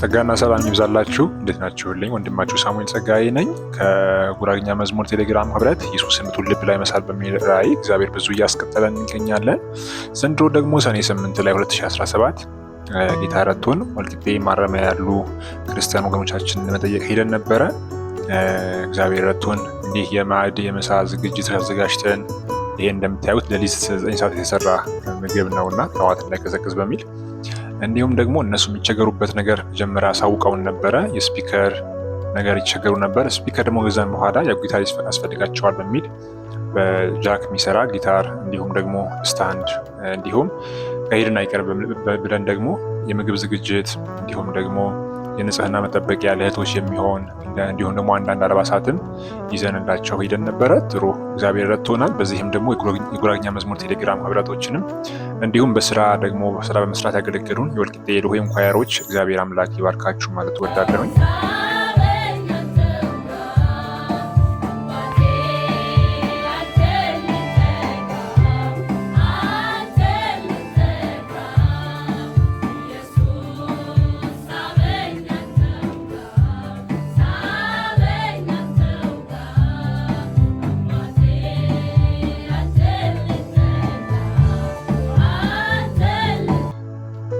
ጸጋና ሰላም ይብዛላችሁ። እንዴት ናችሁልኝ? ወንድማችሁ ሳሙኤል ጸጋዬ ነኝ ከጉራግኛ መዝሙር ቴሌግራም ህብረት ኢየሱስን ቱ ልብ ላይ መሳል በሚል ራዕይ እግዚአብሔር ብዙ እያስቀጠለን እንገኛለን። ዘንድሮ ደግሞ ሰኔ 8 ላይ 2017 ጌታ ረቶን ወልቂጤ ማረሚያ ያሉ ክርስቲያን ወገኖቻችን መጠየቅ ሄደን ነበረ። እግዚአብሔር ረቶን እንዲህ የማዕድ የምሳ ዝግጅት አዘጋጅተን ይሄ እንደምታዩት ለሊት 9 ሰዓት የተሰራ ምግብ ነውና ጠዋት እንዳይቀዘቅዝ በሚል እንዲሁም ደግሞ እነሱ የሚቸገሩበት ነገር መጀመሪያ አሳውቀውን ነበረ። የስፒከር ነገር ይቸገሩ ነበር። ስፒከር ደግሞ ገዛን በኋላ ያው ጊታር ያስፈልጋቸዋል በሚል በጃክ የሚሰራ ጊታር እንዲሁም ደግሞ ስታንድ እንዲሁም ከሄድን አይቀር ብለን ደግሞ የምግብ ዝግጅት እንዲሁም ደግሞ የንጽህና መጠበቂያ ለእህቶች የሚሆን እንዲሁም ደግሞ አንዳንድ አልባሳትን ይዘንላቸው ሂደን ነበረ። ጥሩ እግዚአብሔር ረድቶናል። በዚህም ደግሞ የጉራግኛ መዝሙር ቴሌግራም ህብረቶችንም እንዲሁም በስራ ደግሞ ስራ በመስራት ያገለገሉን የወልቂጤ የድሆ እንኳየሮች እግዚአብሔር አምላክ ይባርካችሁ ማለት ወዳለሁኝ።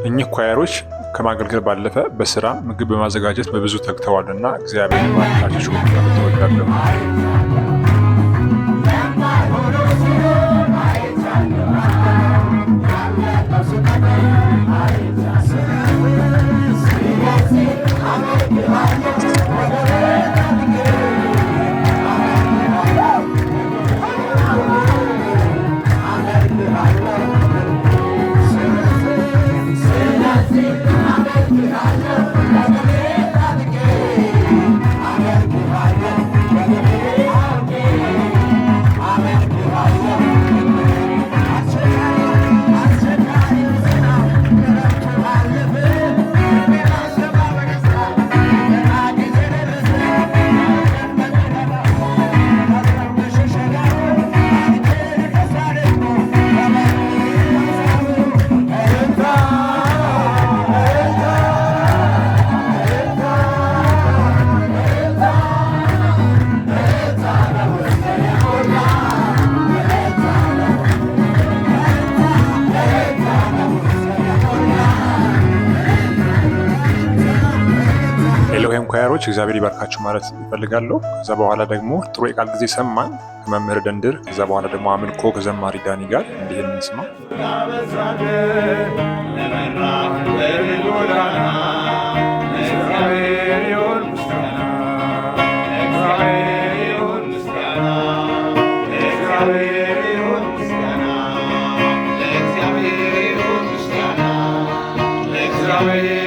እኚህ ኳየሮች ከማገልገል ባለፈ በስራ ምግብ በማዘጋጀት በብዙ ተግተዋልና እግዚአብሔር ባርካችሁ። ተወዳለሁ። I እንኳያሮች እግዚአብሔር ይባርካችሁ ማለት ይፈልጋለሁ። ከዛ በኋላ ደግሞ ጥሩ የቃል ጊዜ ሰማን ከመምህር ደንድር፣ ከዛ በኋላ ደግሞ አምልኮ ከዘማሪ ዳኒ ጋር እንዲህ እንስማ Yeah.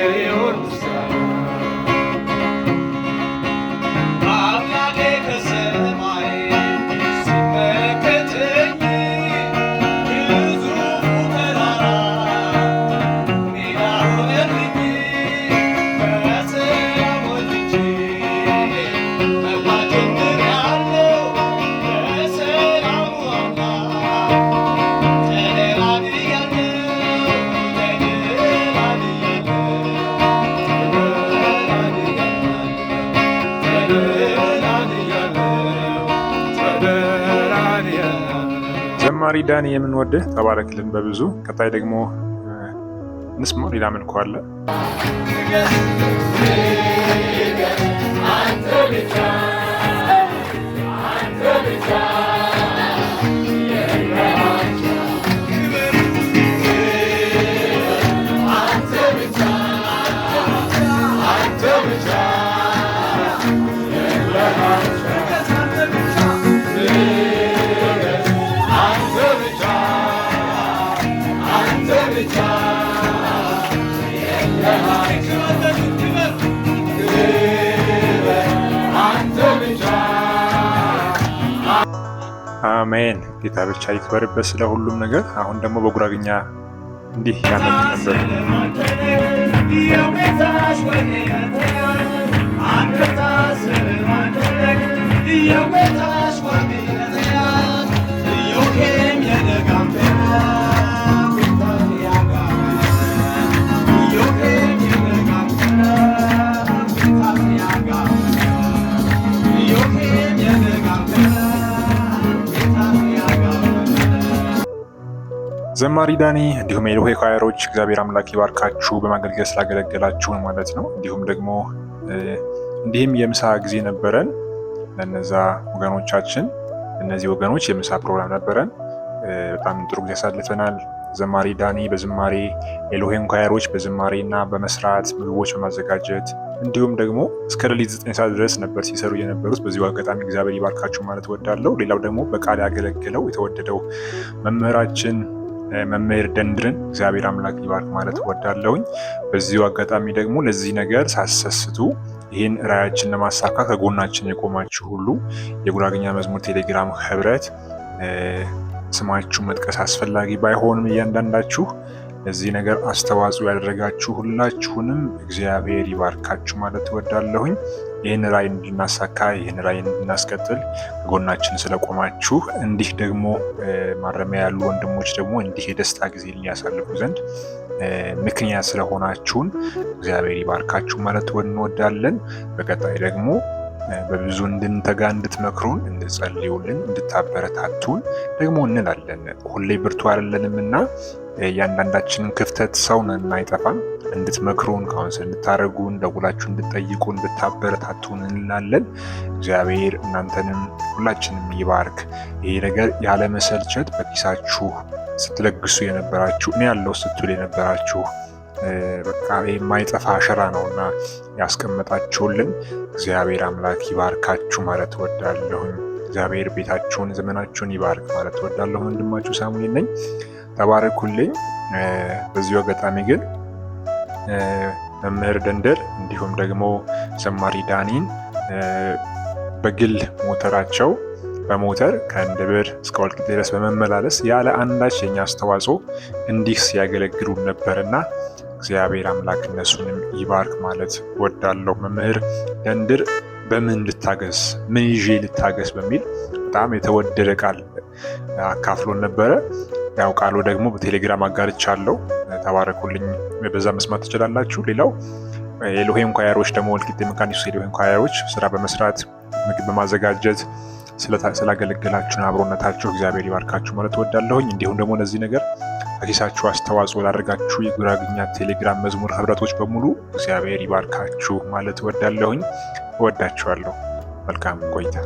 ፈጣሪ ዳኒ የምንወድህ ተባረክልን በብዙ ቀጣይ ደግሞ እንስማው ሌላ መልኩ አለ ብቻ አሜን። ጌታ ብቻ ይክበርበት ስለ ሁሉም ነገር። አሁን ደግሞ በጉራግኛ እንዲህ ያነብ ነበር ዘማሪ ዳኒ እንዲሁም የልሆይ ኳየሮች እግዚአብሔር አምላክ ይባርካችሁ በማገልገል ስላገለገላችሁን ማለት ነው። እንዲሁም ደግሞ እንዲህም የምሳ ጊዜ ነበረን ለነዛ ወገኖቻችን እነዚህ ወገኖች የምሳ ፕሮግራም ነበረን። በጣም ጥሩ ጊዜ ያሳልፈናል። ዘማሪ ዳኒ በዝማሬ ኤሎሄን ኳየሮች በዝማሬ እና በመስራት ምግቦች በማዘጋጀት እንዲሁም ደግሞ እስከ ሌሊት ዘጠኝ ሰዓት ድረስ ነበር ሲሰሩ የነበሩት። በዚሁ አጋጣሚ እግዚአብሔር ይባርካችሁ ማለት እወዳለሁ። ሌላው ደግሞ በቃል ያገለገለው የተወደደው መምህራችን መምህር ደንድርን እግዚአብሔር አምላክ ይባርክ ማለት እወዳለሁኝ። በዚሁ አጋጣሚ ደግሞ ለዚህ ነገር ሳሰስቱ ይህን ራዕያችን ለማሳካት ከጎናችን የቆማችሁ ሁሉ የጉራግኛ መዝሙር ቴሌግራም ህብረት ስማችሁ መጥቀስ አስፈላጊ ባይሆንም እያንዳንዳችሁ እዚህ ነገር አስተዋጽኦ ያደረጋችሁ ሁላችሁንም እግዚአብሔር ይባርካችሁ ማለት እወዳለሁኝ። ይህን ራይ እንድናሳካ ይህን ራይ እንድናስቀጥል ጎናችን ስለቆማችሁ፣ እንዲህ ደግሞ ማረሚያ ያሉ ወንድሞች ደግሞ እንዲህ የደስታ ጊዜ ሊያሳልፉ ዘንድ ምክንያት ስለሆናችሁን እግዚአብሔር ይባርካችሁ ማለት እንወዳለን። በቀጣይ ደግሞ በብዙ እንድንተጋ እንድትመክሩን፣ እንድጸልዩልን፣ እንድታበረታቱን ደግሞ እንላለን። ሁሌ ብርቱ አይደለንም የእያንዳንዳችንን ክፍተት ሰውን አይጠፋም። እንድትመክሩን፣ ካውንስል እንድታደርጉን፣ ደውላችሁ እንድትጠይቁን፣ እንድታበረታቱን እንላለን። እግዚአብሔር እናንተንም ሁላችንም ይባርክ። ይህ ነገር ያለመሰልቸት በኪሳችሁ ስትለግሱ የነበራችሁ እኔ ያለው ስትል የነበራችሁ በቃ የማይጠፋ አሸራ ነው እና ያስቀመጣችሁልን እግዚአብሔር አምላክ ይባርካችሁ ማለት እወዳለሁኝ። እግዚአብሔር ቤታችሁን ዘመናችሁን ይባርክ ማለት እወዳለሁ። ወንድማችሁ ሳሙኤል ነኝ። ተባረኩልኝ። በዚሁ አጋጣሚ ግን መምህር ደንደል እንዲሁም ደግሞ ዘማሪ ዳኒን በግል ሞተራቸው በሞተር ከእንድብር እስከ ወልቂጤ ድረስ በመመላለስ ያለ አንዳች የኛ አስተዋጽኦ እንዲህ ሲያገለግሉን ነበርና እግዚአብሔር አምላክ እነሱንም ይባርክ ማለት ወዳለው መምህር ደንድር በምን ልታገስ ምን ይዤ ልታገስ በሚል በጣም የተወደደ ቃል አካፍሎን ነበረ። ያው ቃሉ ደግሞ በቴሌግራም አጋርቻለሁ። ተባረኩልኝ፣ በዛ መስማት ትችላላችሁ። ሌላው የሎሄን ኳየሮች ደግሞ ወልቂጤ መካኒሱ የሎሄን ኳየሮች ስራ በመስራት ምግብ በማዘጋጀት ስላገለገላችሁን አብሮነታችሁ እግዚአብሔር ይባርካችሁ ማለት ወዳለሁኝ። እንዲሁም ደግሞ ለዚህ ነገር ከኪሳችሁ አስተዋጽኦ ላደርጋችሁ የጉራግኛ ቴሌግራም መዝሙር ህብረቶች በሙሉ እግዚአብሔር ይባርካችሁ ማለት ወዳለሁኝ። እወዳችኋለሁ። መልካም ቆይታ